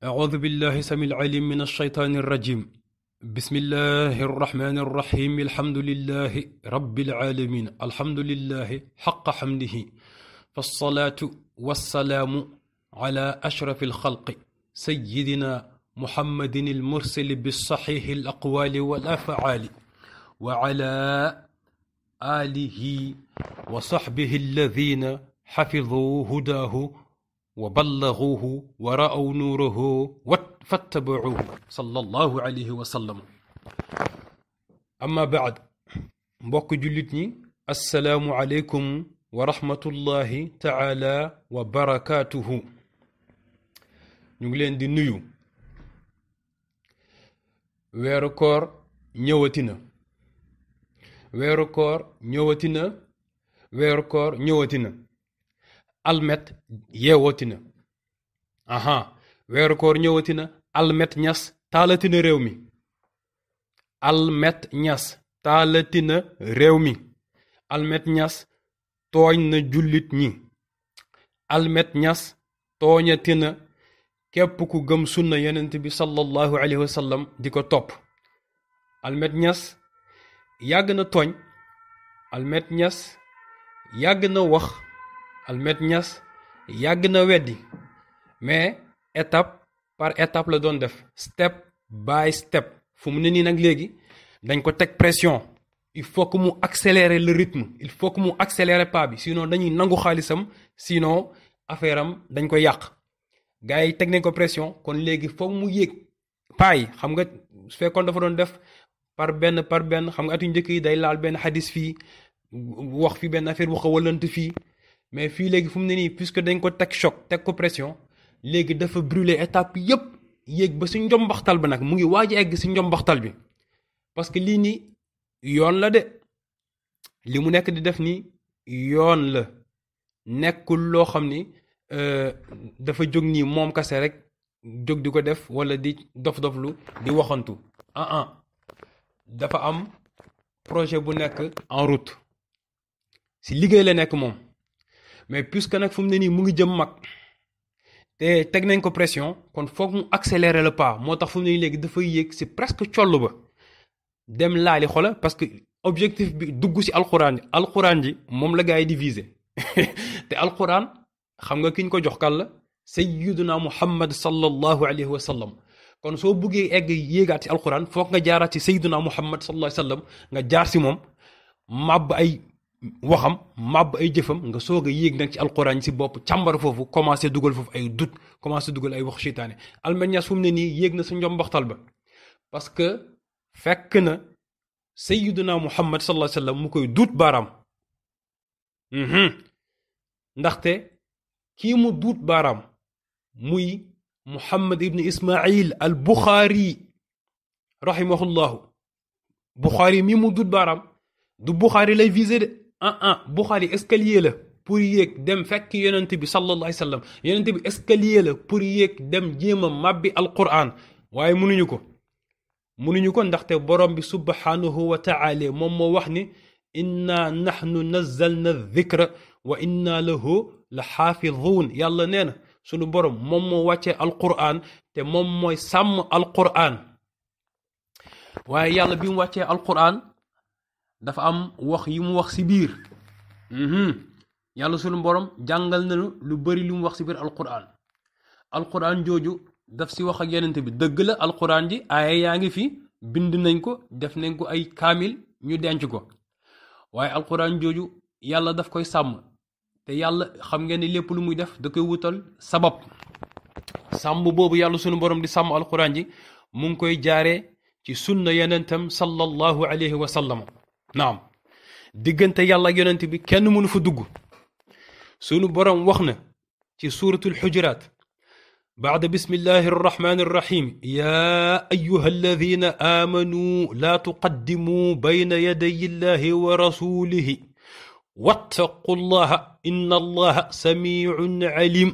أعوذ بالله سميع العليم من الشيطان الرجيم بسم الله الرحمن الرحيم الحمد لله رب العالمين الحمد لله حق حمده فالصلاة والسلام على أشرف الخلق سيدنا محمد المرسل بالصحيح الأقوال والأفعال وعلى آله وصحبه الذين حفظوا هداه وبلغوه ورأوا نوره فاتبعوه صلى الله عليه وسلم أما بعد mbokk jullit ñi assalaamu aleykum wa rahmatullahi taala wa barakaatuhu ñu ngi leen di nuyu weeru koor ñëwatina weeru koor ñëwatina weeru koor ñëwatina almet yeewooti na aha weeru ñas taalatina réew mi almet ñas taalatina réew mi almet ñas tooñ na jullit ñi almet ñas tooñatina képp ku gëm sunna yonent bi sallallahu alayhi wa di ko topp almet ñas yàgg na tooñ almet ñas yàgg na wax Almet Niass yàgg na weddi mais étape par étape la doon def step by step fu mu ne nii nag léegi dañ ko teg pression il faut que mu accélérer le rythme il faut que mu accélérer pas bi sinon dañuy nangu xaalisam sinon affaire am dañ koy yàq gars yi teg nañ ko pression kon léegi foog mu yéeg paay xam nga su fekkoon dafa doon def par benn par benn xam nga atu njëkk yi day laal benn xadis fii wax fi benn affaire bu xawalant fii mais fii léegi fu mu ne nii puisque dañ ko teg choc teg ko pression léegi dafa brûler étape yépp yéeg ba si njombaxtal ba nag mu ngi waaj egg si njombaxtal bi parce que lii nii yoon la de li mu nekk di def nii yoon la nekkul loo xam ni euh, dafa jóg nii moom kase rek jóg di ko def walla di dof-doflu di waxantu ah ah dafa am projet bu nekk en route si liggéey la nekk moom mais que nag fu mu ne nii mu ngi jëm mag te teg nañ ko pression kon foog mu accélérer le pas moo tax fu mu ne nii léegi dafay yéeg si presque coll ba dem laali xola parce que objectif bi dugg si alxuraan alxuraan ji moom la gars yi di viser te alxuraan xam nga kiñ ko jox kan la sayyiduna muhammad sallallahu alayhi wa sallam kon soo buggee egg yéegaat si alxuraan foog nga jaaraat si sayyiduna muhammad sallallahu alayhi wa sallam nga jaar si moom màbb ay. waxam màbb ay jëfam nga soo a yéeg nag ci alxuraan si bopp càmbar foofu commencé dugal foofu ay dut commencé dugal ay wax seytaane almanias fu mu ne nii yéeg na sa njombaxtal ba parce que fekk na sayyiduna muhammad sallallahu alayhi wa sallam mu koy duut baaraam mhm. ndaxte kii mu duut baaraam muy muhammad ibn ismail al buxaari rahimahullahu buxaari mii mu duut baaraam du buxaari lay visé de ah ah Buxaari escalier la pour yéeg dem fekk yonent bi sallallahu alayhi wa sallam yonent bi escalier la pour yéeg dem jéem a màbbi alquran waaye mënuñu ko mënuñu ko ndaxte borom bi subhanahu wa taala moom moo wax ni inna nahnu nazzalna dhikra wa inna lahu la xaafizuun yàlla nee na sunu borom moom moo wàccee alquran te moom mooy sàmm alquran waaye yàlla bi mu wàccee alquran dafa am wax yi mu wax si biir mhm. yàlla sunu borom jàngal nañu lu bari lu mu wax ci biir alquran alquran jooju daf si wax ak yenent bi dëgg la alxuraan ji aaya yaa ngi fi bind nañ ko def nañ ko ay kaamil ñu denc ko waaye alquran jooju yàlla daf koy sàmm te yàlla xam ngeen ni lépp lu muy def da koy wutal sabab sàmm boobu yàlla sunu borom di sàmm alquran ji mu ngi koy jaare ci sunna yenentam sallallahu alayhi wa sallam naam diggante yàlla ak yonent bi kenn mënu fa dugg sunu borom wax na ci suuratul xujuraat baada bismillahi arrahmani arrahim yaa ayuha alladina aamanuu laa tuqaddimuu bayna yaday illahi wa rasulihi wattaqu allaha inna allaha samiun alim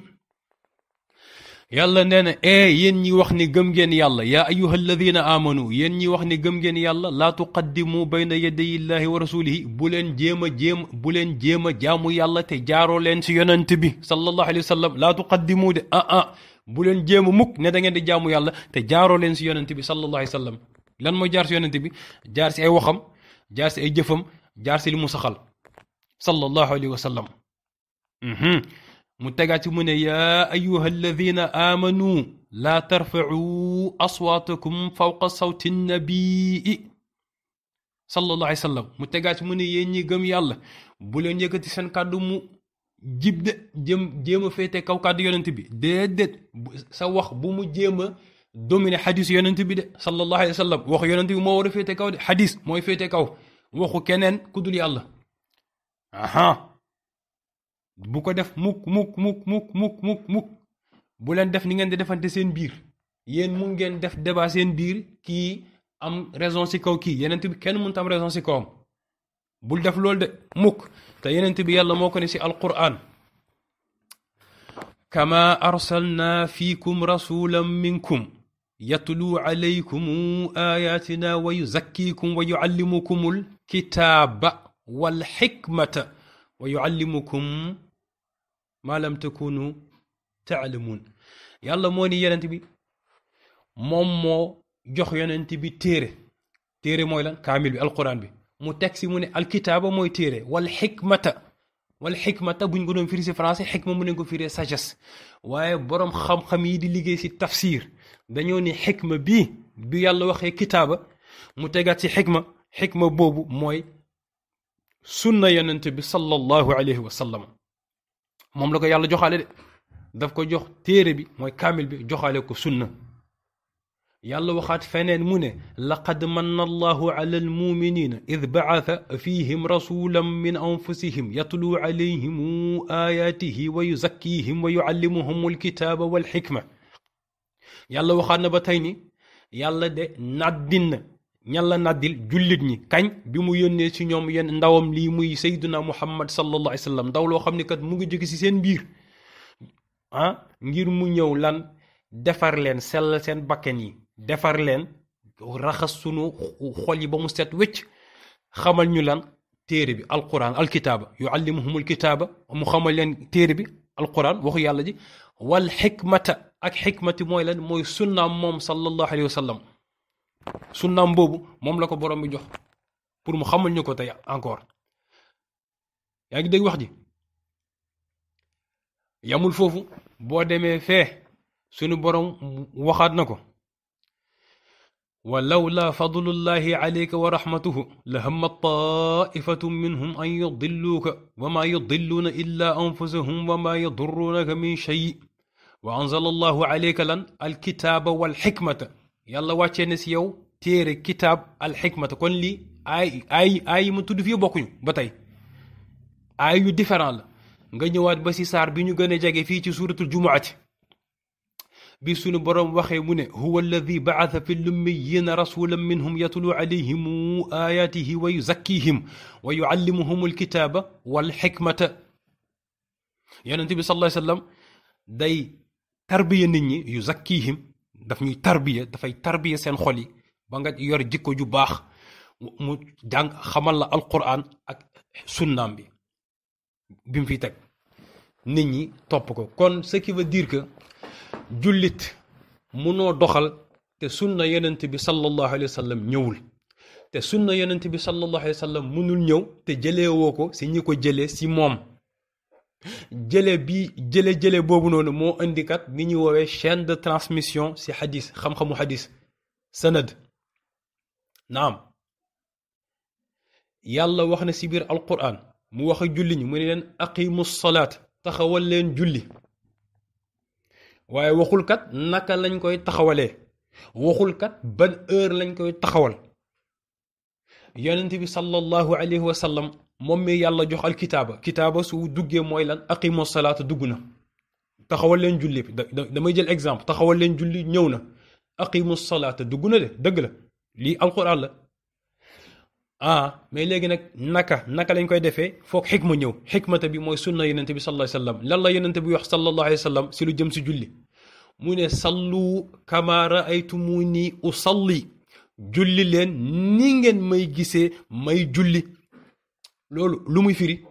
yàlla nee na ee eh, yéen ñi wax ni gëm ngeen yàlla yaa ayuha alladina aamanu yéen ñi wax ni gëm ngeen yàlla laa tuqaddimu bayna yaday llahi wa rasulihi bu leen jéem a jéem bu leen jéem a jaamu yàlla te jaaroo leen si yonent bi sallallahu alayhi wa sallam laa tuqaddimu de ah ah bu leen jéem mukk ne da ngeen di jaamu yàlla te jaaroo leen si yonent bi sallallahu alayhi wa lan mooy jaar si yonent bi jaar si ay waxam jaar si ay jëfam jaar si li mu saxal sallallahu alayhi wa sallam mhm. mu tegaat ci mu ne yaa ayuha alladina aamanu laa tarfacuu aswaatakum fawqa sawti nnabii sallallahu alayhi wa sallam mu tegaat ci mu ne yéen ñi gëm yàlla bu leen yëkkati seen kàddu mu jib de jëm jéem a féete kaw kàddu yonent bi déedéet sa wax bu mu jéem a dominer xadis yonent bi de sallallahu alayhi wa sallam wax yonent bi moo war a kaw de xadis mooy féete kaw wax keneen ku dul yàlla aha bu ko def mukk mukk mukk mukk mukk mukk mukk bu leen def ni ngeen di defante seen biir yéen mun ngeen def débat seen biir kii am raison si kaw kii yenent bi kenn mënut am raison si kawam bul def loolu de mukk te yenent bi yàlla moo ko ne si alquran kama arsalna fiikum rasulan minkum yatluu alaykum ayatina wa yuzakkikum wa yuallimukum alkitaaba walxikmata wa yuallimukum maa lam takunu taalamuun yàlla moo ni yonent bi moom moo jox yonent bi téere téere mooy lan kaamil bi alquran bi mu teg si mu ne alkitaaba mooy téere wal xikmata wal xikmata buñ ko doon firi si français xikma mu ne ko firee sagesse waaye boroom xam-xam yi di liggéey si tafsir dañoo ne xikma bii bi yàlla waxee kitaaba mu tegaat si xikma xikma boobu mooy sunna yonent bi sallallahu alayhi wa sallam moom la ko yàlla joxaale de daf ko jox téere bi mooy kaamil bi joxaale ko sunna yàlla waxaat feneen mu ne laqad manna allahu ala almuminina id baata fihim rasulan min anfusihim yatluu alayhim ayatihi wa yuzakkihim wa yuallimuhum alkitaaba walxikma yàlla waxaat na ba tey ni yàlla de nàddin na ñan la nàddil jullit ñi kañ bi mu yónnee ci ñoom yenn ndawam lii muy sayduna muhammad sallallahu alayhi wa sallam ndaw loo xam ne kat mu ngi jóge ci seen biir ah ngir mu ñëw lan defar leen sell seen bakken yi defar leen raxas sunu xol yi ba mu set wécc xamal ñu lan téere bi alquran alkitaaba yuallimuhumul kitaaba mu xamal leen téere bi alquran waxu yàlla ji wal xikmata ak xikmati mooy la mooy sunnaam moom sallallahu alayhi wa sunnaam boobu moom la ko borom bi jox pour mu xamul ñu ko tey encore yaa ngi dégg wax ji yamul foofu boo demee fee sunu borom waxaat na ko wa lawla fadlullahi alayka wa rahmatuhu la hamma taifatun minhum an yudilluuka wa ma yudilluuna illa anfusahum wa ma yadurruunaka min shay wa anzala allahu alayka lan alkitaaba walxikmata yàlla wàccee na si yow téere kitaab alxikmata kon lii ay ay ay yi ma tudd fii bokkuñu ba tey ay yu différent nga ñëwaat ba si saar bi ñu gën a jege fii ci suuratul jumuati bi sunu boroom waxee mu ne huwa alladi baasa fi lummiyina rasulan minhum yatlu alayhim ayaatihi wa yuzakkihim wa yuallimuhum alkitaaba walxikmata yonente bi sallallahu wa sallam day tarbiya nit ñi yuzakkihim daf ñuy tarbiya dafay tarbiya seen xol yi ba nga yor jikko ju baax mu mu jàng xamal la alquran ak sunnaam bi bi mu fiy teg nit ñi topp ko kon ce qui veut dire que jullit munoo doxal te sunna yenent bi sallallahu alayhi wa ñëwul te sunna yenent bi sallallahu alayhi wa munul ñëw te jëlee woo ko si ñi ko jëlee si moom jële bi jële-jële boobu noonu moo indi kat ni ñuy woowee chaine de transmission ci xadis xam-xamu xadis sanad naam yàlla wax na ci biir alquran mu wax ak julli ñi mu ne leen aqimu salaat taxawal leen julli waaye waxul kat naka lañ koy taxawalee waxul kat ban heure lañ koy taxawal yonent bi sallallahu alayhi wa moom mi yàlla jox al kitaaba kitaaba su duggee mooy lan aqimu salaata dugg na taxawal leen julli bi damay jël exemple taxawal leen julli ñëw na aqimu salaata dugg na de dëgg la lii alquran la ah mais léegi nag naka naka lañ koy defee foog xikma ñëw xikmata bi mooy sunna yonente bi sallallahu alayhi wasallam lan la yonente bi wax sallallahu alayhi wasallam si lu jëm si julli mu ne sallu kama raaytumuni usalli julli leen ni ngeen may gisee may julli loolu lu muy firi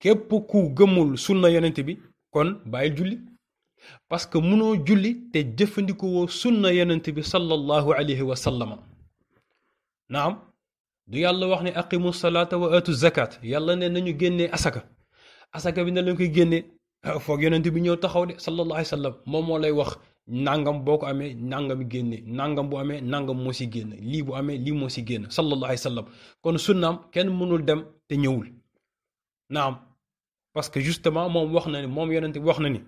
képp ku gëmul sunna yenent bi kon bàyyil julli parce que munoo julli te jëfandikoo sunna yenent bi sallallahu alayhi wa naam du yàlla wax ne aqimu salaata wa atu zakat yàlla ne nañu génnee asaka asaka bi ne lañ koy génnee ah, foog yonent bi ñëw taxaw de sallallahu moom moo lay wax nangam boo ko amee nangam génne nangam bu amee nangam moo si génn lii bu amee lii moo si génn sallallahu alayhi wa sallam kon sunnaam kenn mënul dem te ñëwul naam parce que justement moom wax na ni moom yonente wax na ni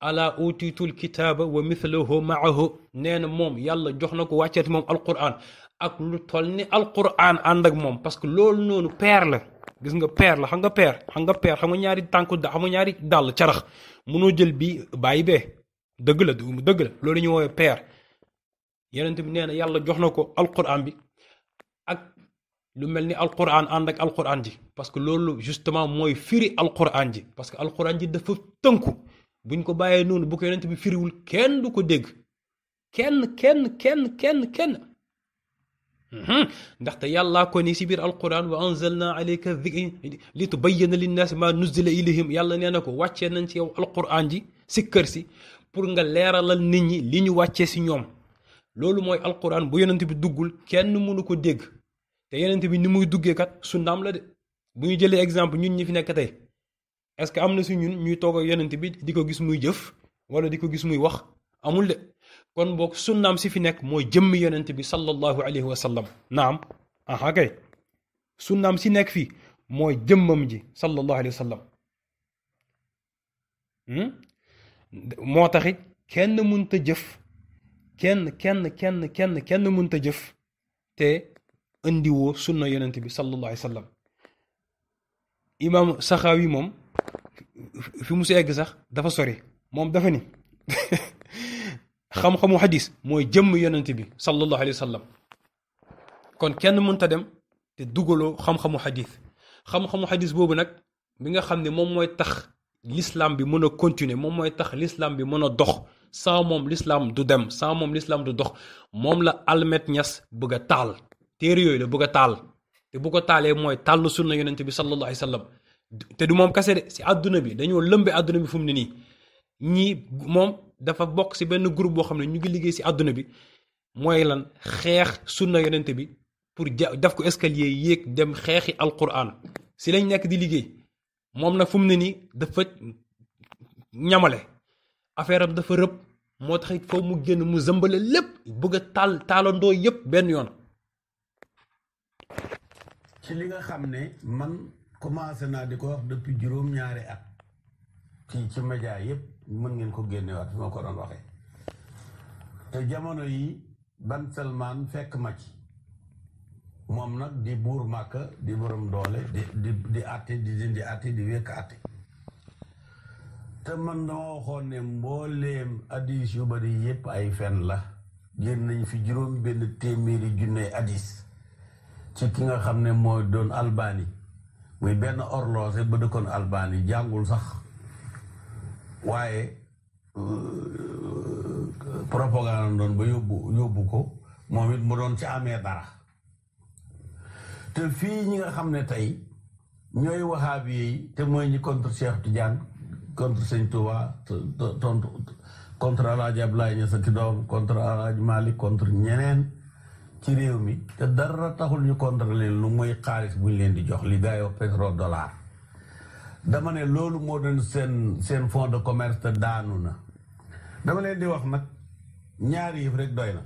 ala utitul kitaaba wa mithlahu maahu nee na moom yàlla jox na ko wàcceeti moom alquran ak lu toll ni alquran ànd ak moom parce que loolu noonu peer la gis nga peer la xam nga peer xam nga peer xam ñaari tànku da xam nga ñaari dàll carax mënoo jël bi bàyyi bee dëgg la du dëgg la loolu ñu woowee peer yonent bi nee na yàlla jox na ko alquran bi ak lu mel ni alquran ànd ak alquran ji parce que loolu justement mooy firi alquran ji parce que alquran ji dafa tënku buñ ko bàyyee noonu bu ko yonent bi firiwul kenn du ko dégg kenn kenn kenn kenn kenn hmm. ndaxte yàllaa ko ni si biir alquran wa anzalna alayka dhikra li tubayyana linnaasi ma nuzila ilayhim yàlla nee na ko wàccee nañ ci yow alquran ji si kër si pour nga leeralal nit ñi li ñu wàccee ci ñoom loolu mooy alquran bu yonent bi duggul kenn mënu ko dégg te yonent bi ni muy duggee kat sunnaam la de bu ñu jëlee exemple ñun ñi fi nekk tey est-ce que am na si ñun ñuy toog ak yonent bi di ko gis muy jëf wala di ko gis muy wax amul de kon boog sunnaam si fi nekk mooy jëmm yonent bi sallallahu alayhi wa sallam naam aha kay sunnaam si nekk fii mooy jëmmam ji sallallahu alayhi wa moo tax it kenn mënta jëf kenn kenn kenn kenn kenn mënta jëf te indiwoo sunna yonent bi sallallahu alayhi wa sallam imaam Saxaawi moom fi mu si egg sax dafa sori moom dafa ni xam-xamu xadis mooy jëmm yonent bi sallallahu alayhi wa kon kenn mënta dem te dugaloo xam-xamu xadis xam-xamu xadis boobu nag mi nga xam ne moom mooy tax l'islam bi mën a continuer moom mooy tax l'islam bi mën a dox sans moom l'islam du dem sans moom l'islam du dox moom la almet ñas bëgg a taal téere yooyu la bëgg a taal te bu ko taalee mooy tàll sunna yonent bi sallallahu alayhi wa te du moom kese de si àdduna bi dañoo lëmbe àdduna bi fu mu ne nii ñii moom dafa bokk si benn groupe boo xam ne ñu ngi liggéey ci àdduna bi mooy lan xeex sunna yenent bi pour ja daf ko escalier yéeg dem xeexi alquran si lañ nekk di liggéey moom nag fu mu ne nii dafa ñamale affaire am dafa rëb moo tax foofu mu génn mu zëmbale lépp bëgg a taal taalandoo yëpp benn yoon. ci li nga xam ne man commencé naa di ko wax depuis juróom-ñaari at ci ci média yëpp mën ngeen ko génnewaat fi ma ko doon waxee te jamono yi ban fekk ma ci. moom nag di buur màkk di borom doole di di di àtte di dindi àtte di wekk àtte te man dama waxoon ne mbooleem addis yu bari yépp ay fen la génn nañ fi juróom benn téeméeri junne addis ci ki nga xam ne mooy doon albani muy benn horloger ba dëkkoon albani jàngul sax waaye euh, propagande doon ba yóbbu yóbbu ko moom it mu doon ci amee dara te fii ñi nga xam ne tey ñooy waxaabi yi te mooy ñi contre Cheikh Tidiane contre Sëñ Touba tontu contre El Hadj Abdoulaye Niass ki doom contre El Hadj contre ñeneen ci réew mi te dara taxul ñu contre leen lu muy xaalis bu ñu leen di jox li gaayoo pétrole dollar dama ne loolu moo doon seen seen fonds de commerce te daanu na dama leen di wax nag ñaari yëf rek doy na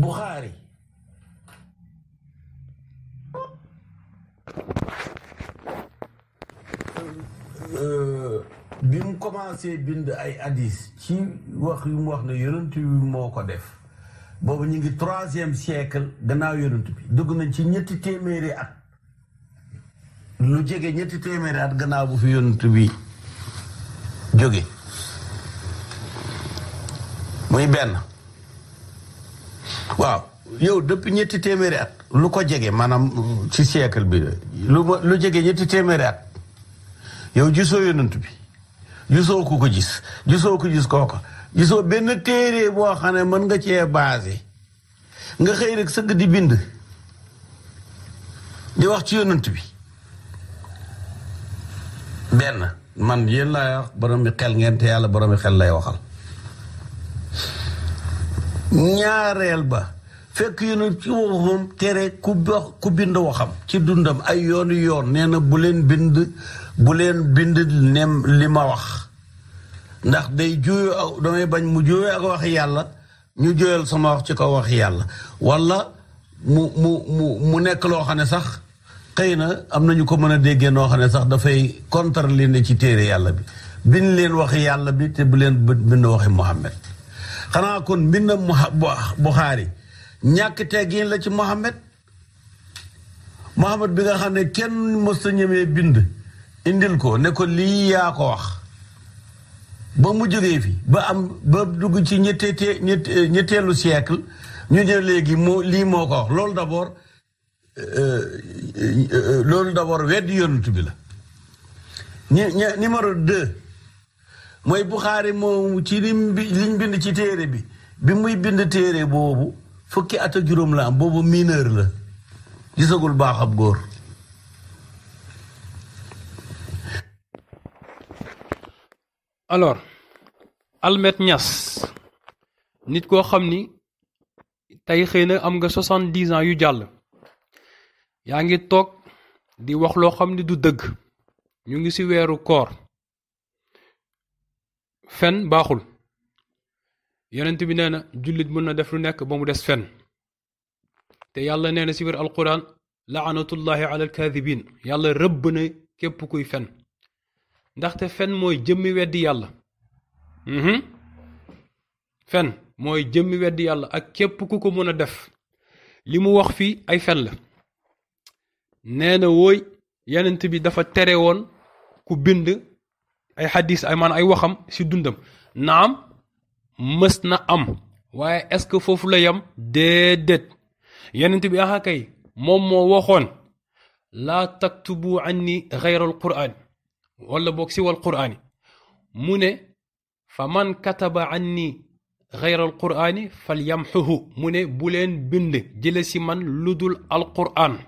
Buxaari Euh, bi mu commencé bind ay hadis ci wax yu wax ne yonent bi moo ko def boobu ñu ngi troisième siècle gannaaw yonent bi dugg nañ ci ñetti téeméeri at lu jege ñetti téeméeri at bu fi yonent bi jóge muy benn waaw yow depuis ñetti téeméeri at lu ko jege maanaam ci siècle bi lu jege ñetti téeméeri at yow gisoo yonent bi gisoo ku ko gis gisoo ko gis kooka gisoo benn téere boo xam ne mën nga cee baase nga xëy rek sëgg di bind di wax ci yonent bi benn man yéen laay wax borom xel ngeen te yàlla borom mi xel lay waxal ñaareel ba fekk yonent ci waxam tere ku ku bind waxam ci dundam ay yoonu yoon nee na bu leen bind bu leen bind nem li ma wax ndax day jooyoo ak damay bañ mu jooyoo ak wax yàlla ñu jooyal sama wax ci kaw wax yàlla walla mu mu mu nekk loo xam ne sax xëy na am na ñu ko mën a déggee noo xam ne sax dafay contre li ne ci téere yàlla bi bind leen waxi yàlla bi te bu leen bind waxi Muhammad xanaa kon mbindam Buxaari ñàkk teggin la ci Muhammad Muhammad bi nga xam ne kenn mës a ñemee bind indil ko ne ko lii yaa ko wax ba mu jógee fi ba am ba dugg ci ñettee ñetteelu siècle ñu ne léegi moo lii moo ko wax loolu d'abord euh, euh, euh, loolu d'abord weddi yonent bi la ñi numéro deux mooy Buxaari moomu ci liñ bind ci téere bi bi muy bind téere boobu fukki at ak juróom la am boobu mineur la gisagul baax ab góor alors Almet ñas nit koo xam ni tey xëy na am nga soixante dix ans yu jàll yaa ngi toog di wax loo xam ni du dëgg ñu ngi ci weeru koor fen baaxul yonent bi nee na jullit mën na def lu nekk ba mu des fen te yàlla nee na ci biir alquran laanatullahi ala alkaadibin yàlla rëbb na képp kuy fen ndaxte fen mooy jëmmi weddi yàlla mhm. fen mooy jëmmi yàlla ak képp ku ko mën a def li mu wax fii ay fen la nee na wooy yenent bi dafa tere woon ku bind ay xadis ay maan ay waxam ci dundam naam mës na am waaye est-ce que foofu la yam déedéet yenent bi aha moom moo waxoon laa taktubu anni xayral quraan wala boog si wal quraani mu ne fa man kataba anni xayra al quraani fal yamxuhu mu ne buleen leen bind jële si man lu dul alquraan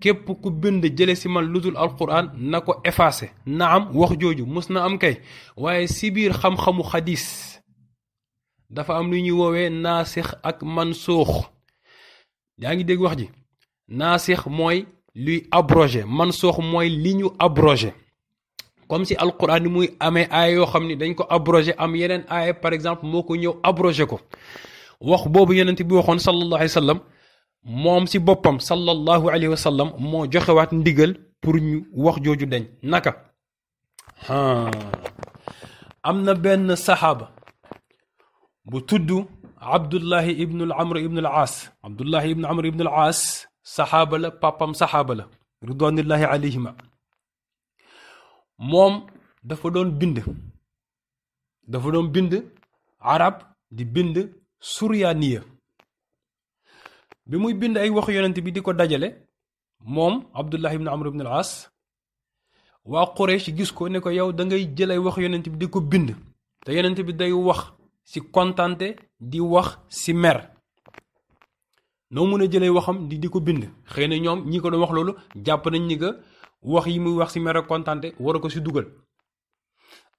képp ku bind jële si man lu dul alquraan na ko effacé na am wax jooju mus na am kay waaye si biir xam-xamu xadis dafa am lu ñuy woowee naasix ak man suux yaa ngi dégg wax ji naasix mooy luy man mansuux mooy li ñu abrogé comme si alquran ni muy amee aaya yoo xam ni dañ ko abrogé am yeneen aaya par exemple moo ko ñëw abrogé ko wax boobu yonent bi waxoon sallallahu alayhi wa moom si boppam sallallahu alayhi wa sallam moo joxewaat ndigal pour ñu wax jooju dañ naka am na benn saxaaba bu tudd abdullahi ibnu amr ibnu al aas abdullahi ibnu amr ibnu al aas saxaaba la papam saxaaba la ridwanillahi alayhima moom dafa doon bind dafa doon bind arab di bind suryaaniya bi muy bind ay wax yonent bi di ko dajale moom abdullah ibn amr ibn al as waa Quraysh gis ko ne ko yow dangay ngay jël ay wax yonent bi di ko bind te yonent bi day wax ci kontante di wax ci mer noo mën a jëlee waxam di di ko bind xëy na ñoom ñi ko doon wax loolu jàpp nañ ni que wax yi muy wax si mere kontante war a ko si dugal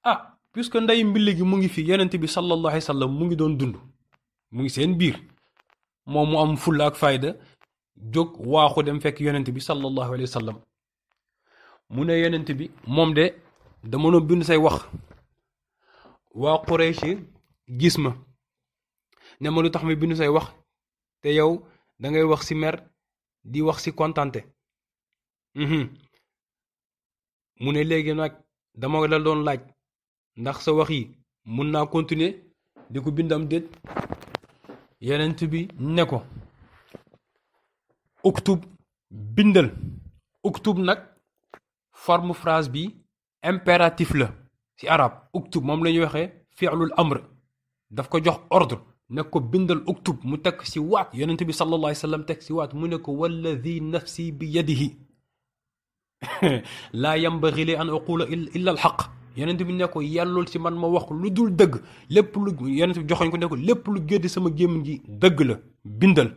a ah que ndey mbili gi mu ngi fi yonent bi sallallahu alayhi mu ngi doon dund mu ngi seen biir moom mu am fulla ak fayda jóg waaxu dem fekk yonent bi sallallahu alayhi wa sallam mu ne yonent bi moom de dama doon bind say wax waa Quraysh gis ma ne ma lu tax ma bind say wax te yow dangay wax si mer di wax si kontante mhm. mu ne léegi nag dama la doon laaj ndax sa wax yi mun naa continuer di ko bindam déet yenent bi ne ko uktub bindal uktub nag forme phrase bi impératif la ci arab uktub moom la ñuy waxee fi'lul amr daf ko jox ordre ne ko bindal uktub mu teg ci waat yenent bi sallallahu alayhi wa sallam teg ci waat mu ne ko walladi nafsi bi yadihi laa yambaxi li an aqula illa al xaq yonent bi ne ko yàllul ci man ma wax lu dul dëgg lépp lu yonent bi ko ne lépp lu géddi sama gémmiñ gi dëgg la bindal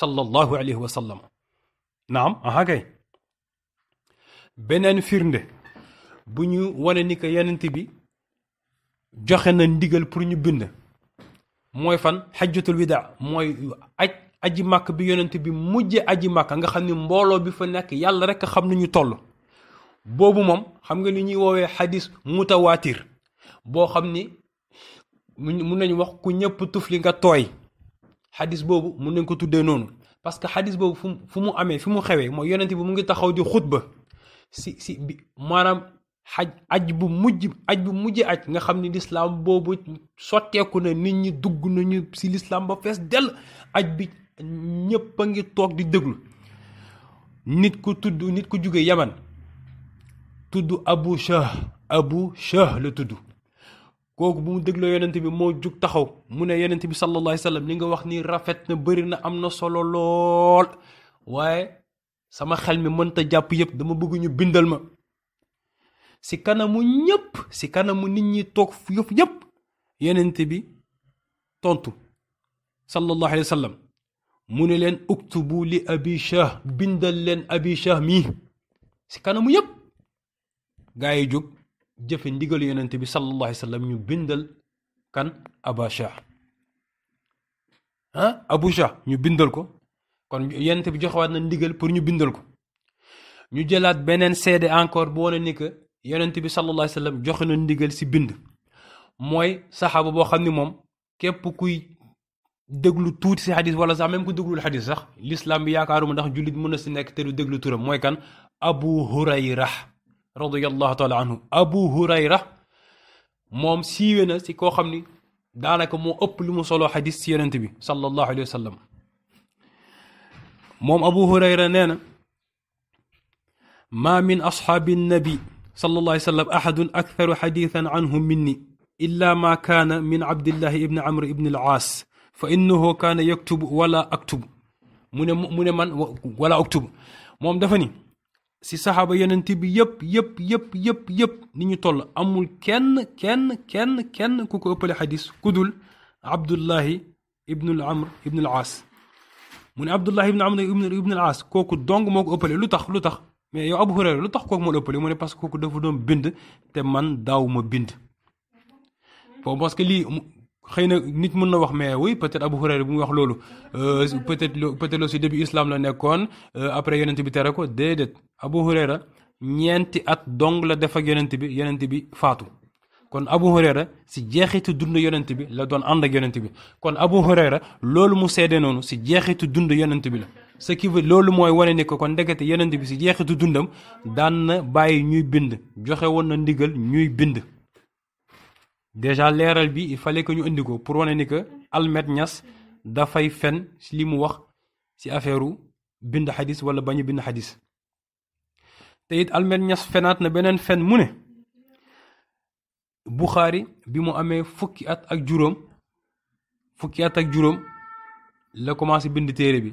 sallallahu alayhi wa naam aha kay beneen firnde bu ñu wane ni ko yonent bi joxe na ndigal pour ñu bind mooy fan xajjatul wida mooy aj aji màkk bi yonent bi mujje aji màkk nga xam ni mbooloo bi fa nekk yàlla rek xam ñu toll boobu moom xam nga ni ñuy woowee xadis mutawaatir boo xam ni mun nañu wax ku ñëpp tufli nga tooy xadis boobu mun nañ ko tuddee noonu parce que xadis boobu fu fu mu amee fu mu xewee mooy yonent bi mu ngi taxaw di xutba si si bi maanaam xaj aj bu mujj aj bu mujj aj nga xam ni lislaam boobu sotteeku na nit ñi dugg nañu si lislaam ba fees dell aj bi ñëpp a ngi toog di déglu nit ku tudd nit ku jóge yaman tudd abu shah abu shah la tudd kooku bu mu dégloo yonent bi moo jug taxaw mu ne yenent bi sallallahu alayhi wasallam li nga wax ni rafet na bari na am na solo lool waaye sama xel mi mënta jàpp yëpp dama bëgg ñu bindal ma si kanamu ñëpp si kanamu nit ñi toog yëpp yëpp yonent bi tontu sallallahu alayhi mu ni leen bu li abi bindal leen abi shah mii si kanamu yëpp gaa yi jóg jëfe ndigal yonent bi sallallahu alayhi ñu bindal kan aba shah ah ñu bindal ko kon yonent bi joxewaat na ndigal pour ñu bindal ko ñu jëlaat beneen seede encore bu wane ni que yonent bi sallallahu alayhi wa ndigal si bind mooy saxaaba boo xam ni moom képp kuy déglu tuuti si xadis wala sax même ku déglul xadis sax l'islam bi yaakaaruma ndax jullit mën na si nekk te du déglu turam mooy kan abu hurayra radiyallahu taala anhu abu hurayra moom siiwe na si koo xam ni daanaka moo ëpp lu mu solo xadis si yonent bi sallallahu alayhi wa sallam moom abu hurayra nee na ma min ashaabi nabi sallallahu alayhi wa sallam ahadun aktharu xadisan anhum minni illa ma kaana min abdillahi ibni amr ibni al aas fa innahu kaana yaktubu wala aktubu mu ne mu ne man wala aktubu moom dafa ni si saxaaba yonent bi yëpp yëpp yëpp yëpp yëpp ni ñu toll amul kenn kenn kenn kenn ku ko ëppale xadis ku dul Abdullahi ibnul Amr ibnul Aas mu ne Abdullahi ibn Amr ibnul Aas kooku dong moo ko ëppale lu tax lu tax mais yow Abu Hurayra lu tax kooku moo la ëppale mu ne parce que kooku dafa doon bind te man daaw ma bind bon lii xëy na nit mën na wax mais wuy peut-être Abu Hurayra bu muy wax loolu euh, peut-être peut-être aussi début islam la nekkoon euh, après yonent bi tere ko déedéet Abu Hurayra ñeenti at dong la def ak yonent bi yonent bi faatu kon Abu Hurayra si jeexitu dund yonent bi la doon ànd ak yonent bi kon Abu Hurayra loolu mu seede noonu si jeexitu dund yenent bi la ce qui loolu mooy wane ni ko kon ndekete yonent bi si jeexitu dundam daan na bàyyi ñuy bind joxe woon na ndigal ñuy bind déjà leeral bi il fallait que ñu indi ko pour wane ni que Ahmed Niass dafay fen si li mu wax ci affaire bind xadis wala bañu bind xadis te it Ahmed Niass fenaat na beneen fen mu ne Buxaari bi mu amee fukki at ak juróom fukki ak juróom la commencé bind téere bi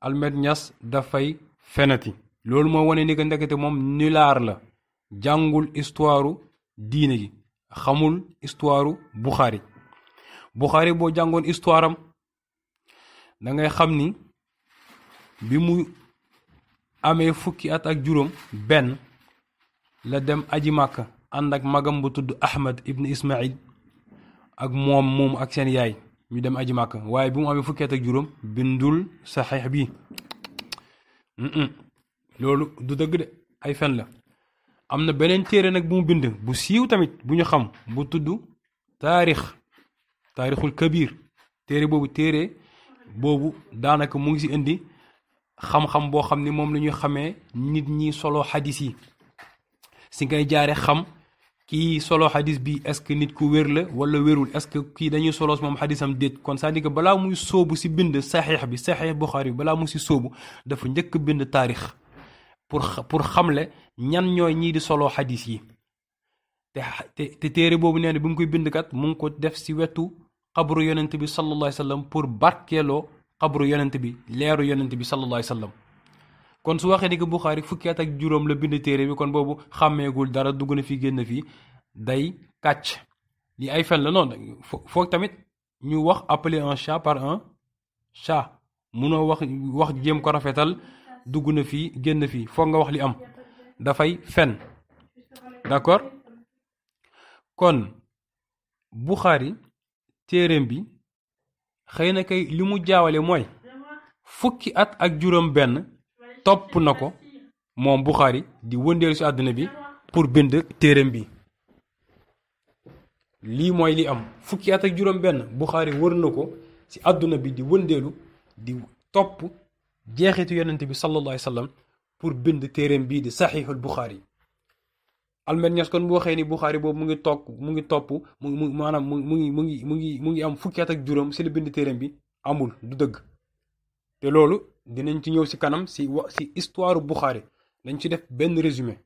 Ahmed ñas dafay fenati loolu moo wane ni que moom nu laar la jàngul histoire diine gi xamul histoire Bukhari Bukhari boo jàngoon histoire am da ngay xam ni bi mu amee fukki at ak juróom benn la dem aji màkka ànd ak magam bu tudd Ahmad ibn Ismail ak moom moomu ak seen yaay ñu dem aji màkka waaye bi mu amee fukki at ak juróom bindul saxiix bi loolu du dëgg de ay fen la am na beneen téere nag bu mu bind bu siiw tamit bu ñu xam bu tudd taarix taarixul kabir téere boobu téere boobu daanaka mu ngi si indi xam-xam boo xam ni moom la ñuy xamee nit ñi solo xadis yi si ngay jaare xam kii solo xadis bi est-ce que nit ku wér la wala wérul est-ce que kii dañuy solo moom xadisam déet kon c'est-à-dire balaa muy sóobu si bind saxiix bi saxiix Buxaari bi balaa mu ci sóobu dafa njëkk bind taarix pour pour xamle ñan ñooy ñii di soloo xadis yi te te téere boobu nee na bi mu koy bind kat mu ngi ko def si wetu xabru yonent bi sallallahu alayhi wasallam pour barkeeloo xabru yonent bi leeru yonent bi sallallahu alayhi kon su waxee ni ko Buxaari fukki ak juróom la bind téere bi kon boobu xàmmeegul dara dugg na fi génn fii day kàcc li ay fen la noonu foog tamit ñu wax appeler un chat par un chat munoo wax wax jéem ko rafetal dugg na fii génn fii foo nga wax li am dafay fen d'accord kon Buxaari téereem bi xëy na kay li mu jaawale mooy fukki at ak juróom benn topp na ko moom Buxaari di wëndeelu ci àdduna bi pour bind téereem bi lii mooy li am fukki at ak juróom benn Buxaari wër na ko ci àdduna bi di wëndeelu di topp jeexitu yonent bi sallallahu alayhi wa pour bind téereem bii di saxiixul Buxaari Almet Niass kon bu waxee ni Buxaari boobu mu ngi toog mu ngi topp mu mu maanaam mu ngi mu ngi mu ngi mu ngi am fukki at ak juróom si la bind téereem bi amul du dëgg te loolu dinañ ci ñëw si kanam si wa si histoire Buxaari dañ ci def benn résumé